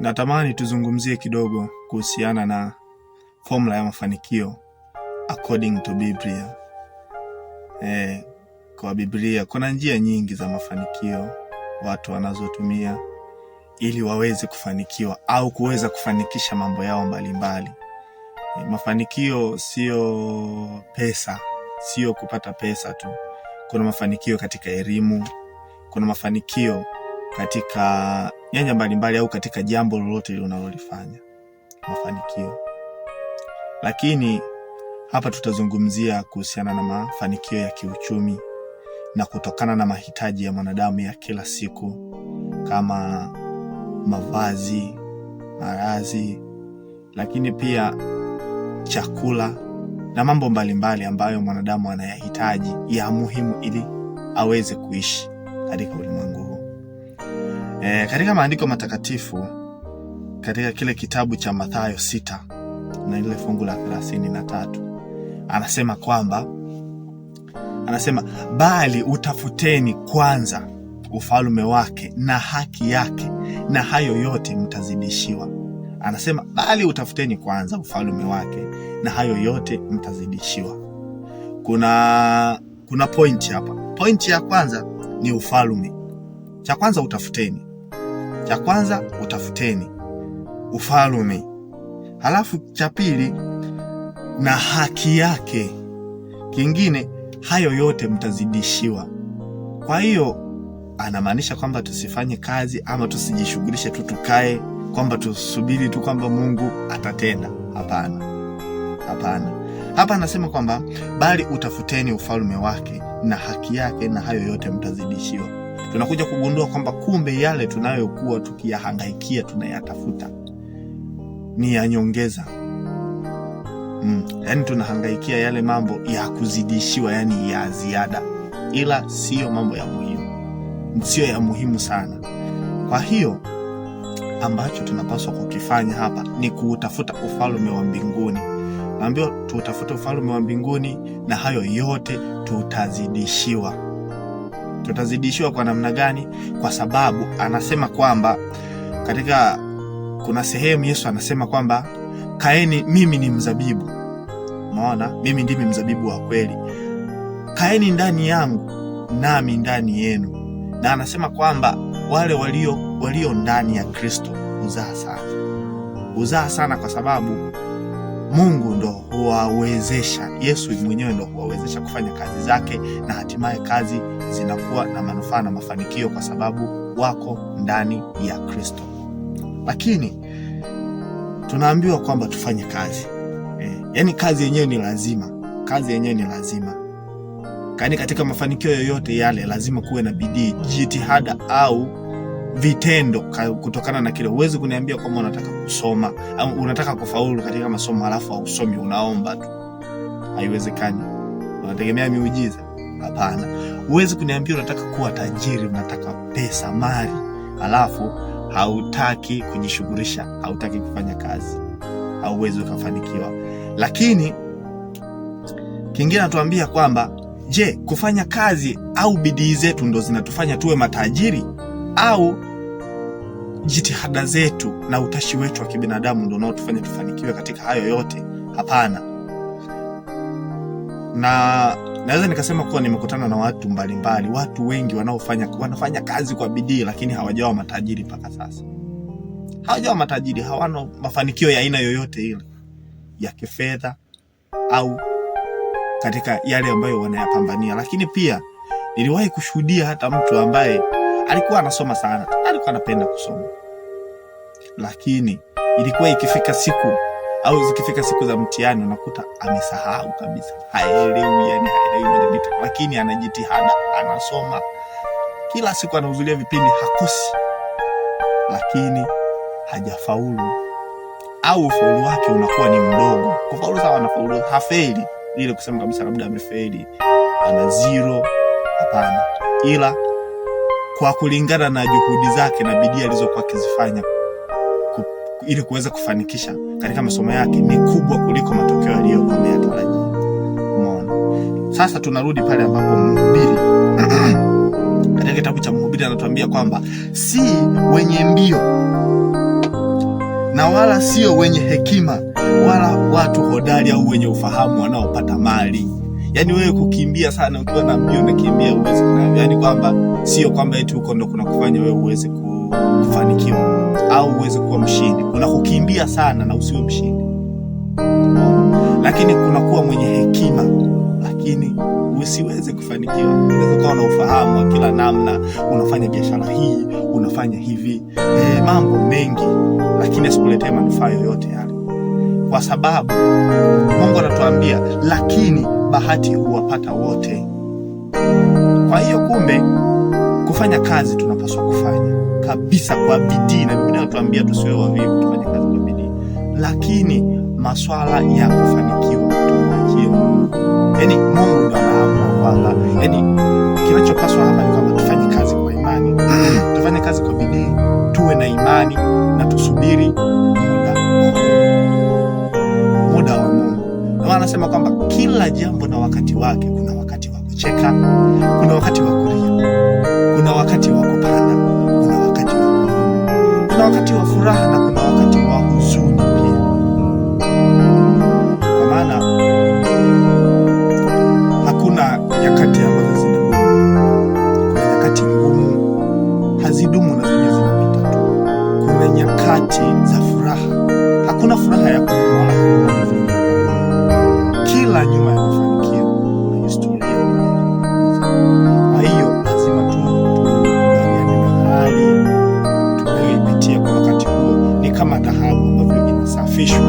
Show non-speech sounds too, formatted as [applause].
Natamani tuzungumzie kidogo kuhusiana na formula ya mafanikio according to Biblia. E, kwa Biblia kuna njia nyingi za mafanikio watu wanazotumia ili waweze kufanikiwa au kuweza kufanikisha mambo yao mbalimbali mbali. E, mafanikio sio pesa, sio kupata pesa tu. Kuna mafanikio katika elimu, kuna mafanikio katika nyanja mbalimbali au katika jambo lolote unalolifanya mafanikio. Lakini hapa tutazungumzia kuhusiana na mafanikio ya kiuchumi na kutokana na mahitaji ya mwanadamu ya kila siku kama mavazi, marazi, lakini pia chakula na mambo mbalimbali ambayo mwanadamu anayahitaji ya muhimu ili aweze kuishi katika ulimwengu. E, katika maandiko matakatifu katika kile kitabu cha Mathayo sita na ile fungu la thelathini na tatu anasema kwamba anasema bali utafuteni kwanza ufalme wake na haki yake, na hayo yote mtazidishiwa. Anasema bali utafuteni kwanza ufalme wake na hayo yote mtazidishiwa. Kuna kuna pointi hapa. Pointi ya kwanza ni ufalme, cha kwanza utafuteni cha kwanza utafuteni ufalume, halafu cha pili na haki yake, kingine hayo yote mtazidishiwa. Kwa hiyo anamaanisha kwamba tusifanye kazi ama tusijishughulishe tu tukae, kwamba tusubiri tu kwamba Mungu atatenda. Hapana, hapana. Hapa anasema kwamba bali utafuteni ufalme wake na haki yake, na hayo yote mtazidishiwa tunakuja kugundua kwamba kumbe yale tunayokuwa tukiyahangaikia tunayatafuta ni ya nyongeza mm. Yaani tunahangaikia yale mambo ya kuzidishiwa, yani ya ziada, ila siyo mambo ya muhimu, siyo ya muhimu sana. Kwa hiyo ambacho tunapaswa kukifanya hapa ni kuutafuta ufalume wa mbinguni. Naambiwa tuutafute ufalume wa mbinguni na hayo yote tutazidishiwa tutazidishiwa kwa namna gani? Kwa sababu anasema kwamba katika kuna sehemu Yesu anasema kwamba kaeni, mimi ni mzabibu, maona mimi ndimi mzabibu wa kweli, kaeni ndani yangu nami ndani yenu. Na anasema kwamba wale walio walio ndani ya Kristo huzaa sana, huzaa sana kwa sababu Mungu ndo huwawezesha, Yesu mwenyewe ndo huwawezesha kufanya kazi zake na hatimaye kazi zinakuwa na manufaa na mafanikio kwa sababu wako ndani ya Kristo. Lakini tunaambiwa kwamba tufanye kazi e, yaani kazi yenyewe ni lazima, kazi yenyewe ni lazima, kani katika mafanikio yoyote yale lazima kuwe na bidii, jitihada au vitendo kutokana na kile. Huwezi kuniambia kwamba unataka kusoma au unataka kufaulu katika masomo halafu hausomi, unaomba tu, haiwezekani. Unategemea miujiza? Hapana, huwezi kuniambia unataka kuwa tajiri, unataka pesa, mali, alafu hautaki kujishughulisha, hautaki kufanya kazi, hauwezi ukafanikiwa. Lakini kingine natuambia kwamba je, kufanya kazi au bidii zetu ndo zinatufanya tuwe matajiri au jitihada zetu na utashi wetu wa kibinadamu ndo unaotufanya tufanikiwe katika hayo yote? Hapana. Na naweza nikasema kuwa nimekutana na watu mbalimbali, watu wengi wanaofanya wanafanya kazi kwa bidii, lakini hawajawa matajiri mpaka sasa, hawajawa matajiri, hawana mafanikio ya aina yoyote ile ya kifedha au katika yale ambayo wanayapambania. Lakini pia niliwahi kushuhudia hata mtu ambaye alikuwa anasoma sana, alikuwa anapenda kusoma, lakini ilikuwa ikifika siku au zikifika siku za mtihani unakuta amesahau kabisa, haelewi, yani haelewi, lakini anajitihada, anasoma kila siku, anahudhuria vipindi, hakosi, lakini hajafaulu au ufaulu wake unakuwa ni mdogo. Kufaulu sawa, anafaulu, hafeli ile kusema kabisa labda amefeli, ana zero, hapana, ila kwa kulingana na juhudi zake na bidii alizokuwa akizifanya ili kuweza kufanikisha katika masomo yake ni kubwa kuliko matokeo yaliyokuwa ameyatarajia. Umeona? Sasa tunarudi pale ambapo mhubiri [clears throat] katika kitabu cha Mhubiri anatuambia kwamba si wenye mbio na wala sio wenye hekima wala watu hodari au wenye ufahamu wanaopata mali. Yaani wewe kukimbia sana ukiwa na mbio unakimbia uweze, yaani kwamba sio kwamba eti huko ndo kuna kufanya wewe uweze kufanikiwa au uweze kuwa mshindi. Kuna kukimbia sana na usiwe mshindi, lakini kuna kuwa mwenye hekima lakini usiweze kufanikiwa. Unaweza kuwa na ufahamu wa kila namna, unafanya biashara hii, unafanya hivi e, mambo mengi, lakini asikuletee manufaa yoyote yale, kwa sababu Mungu anatuambia, lakini bahati huwapata wote. Kwa hiyo kumbe, kufanya kazi tunapaswa kufanya kabisa kwa bidii, na Biblia inatuambia tusiwe wavivu, tufanye kazi kwa bidii. Lakini maswala ya kufanikiwa tumwachie Mungu, yaani Mungu ndo anaamua kwamba, Yani kinachopaswa hapa ni kwamba tufanye kazi kwa imani, [clears throat] tufanye kazi kwa bidii, tuwe na imani na tusubiri muda muda wa Mungu. Ndio maana anasema kwamba kila jambo na wakati wake, kuna wakati wa kucheka, kuna wakati wa kulia wakati wa furaha na kuna wakati wa huzuni pia, kwa maana hakuna nyakati ambazo zinadumu. kuna nyakati ngumu hazidumu na zenyewe zinapita tu. Kuna nyakati za furaha, hakuna furaha ya kuona Fish